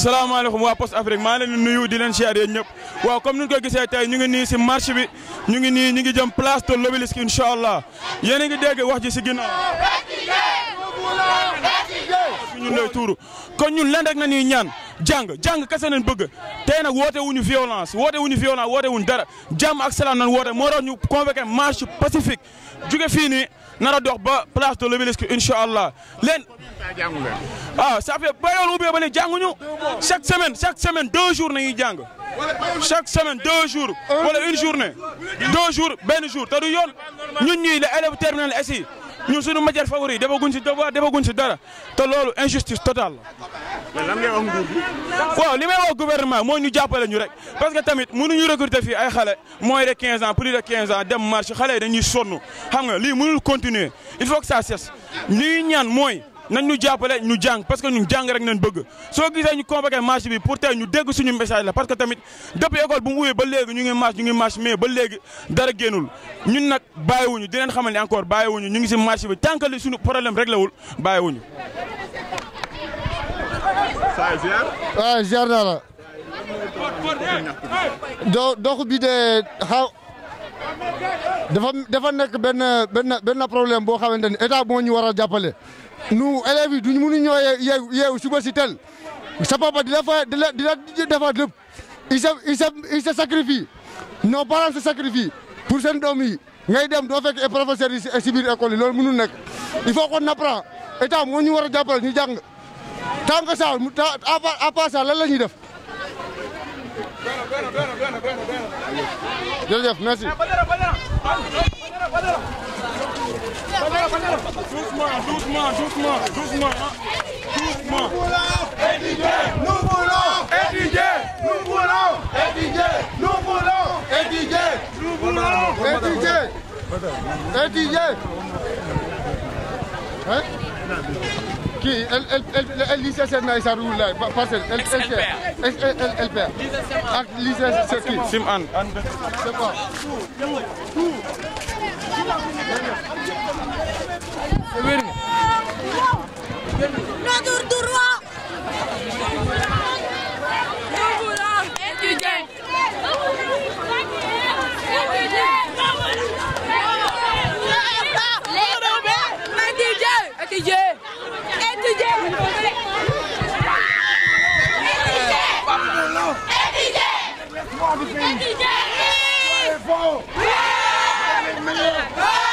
salaamaaleykum waa Post Afrique maa leen di nuyu di leen siyaar yéen ñëpp waaw comme ni ko gisee tey ñu ngi nii si marche bi ñu ngi nii ñu ngi jëm place de l'Obélisque incha allah yéen a ngi dégg wax ji si ginnaaw. ñun lay tuuru kon ñun leen rek na ñuy ñaan jàng jàng kase nañ bëgg tey nag woote wuñu violence woote wuñu violence woote wuñu dara jàmm ak salaam nañ woote moo tax ñu convoqué marche pacifique jóge fii nii. nara dox ba place de l'obélisque inshallah len ah ça fait ba yoon ubbee ba ne jànguñu chaque semaine chaque semaine deux jours nañuy jang chaque semaine deux jours wala une journée deux jours ben jour te du yoon ñun ñuy les élève terminale SI ñun suñu matière favori defaguñ ci devoir defaguñ ci dara te lolu injustice totale mais lan ngay wax nguur gi. may wax gouvernement moo ñu jàppale ñu rek parce que tamit mënuñu recruter fii ay xale mooy de 15 ans plus de 15 ans dem marché xale yi dañuy sonn xam nga lii mënul continuer il faut que ça cesse li ñaan mooy. nañ ñu jàppale ñu jàng parce que ñu jàng rek nañ bëgg soo gisee ñu convoqué marche bi pour tey ñu dégg suñu message la parce que tamit depuis école bu mu ba léegi ñu ngi marche ñu ngi marche ba léegi dara génnul ñun nag bàyyiwuñu di leen xamal encore bàyyiwuñu ñu ngi si marche bi tant suñu problème réglé wul bàyyiwuñu waaw ah, ziar naa la. dox bii de xaw dafa dafa nekk benn benn benn problème boo xamante ni état moo ñu war jàppale. nu élèves yi duñ mënu ñoo yeew yeew suba si tel sa papa di la fa di la di la defaat lépp il sa il se il se sacrifie nos parents se pour seen doom yi ngay dem doo fekk professeurs yi si biir école yi loolu mënul nekk il faut qu'on apprend état moo ñu war a jàppale ñu jàng. tant sa apa apa sa la ñuy def jërëjëf merci doucement doucement doucement doucement doucement nous voulons nous voulons nous voulons nous voulons kii el lycée Seydina Issa Rouhou Laye parcelle LPR ak lycée Seydina Sim an an c'est Jimmy! Thank you, Jimmy! Wonderful! Yeah! yeah!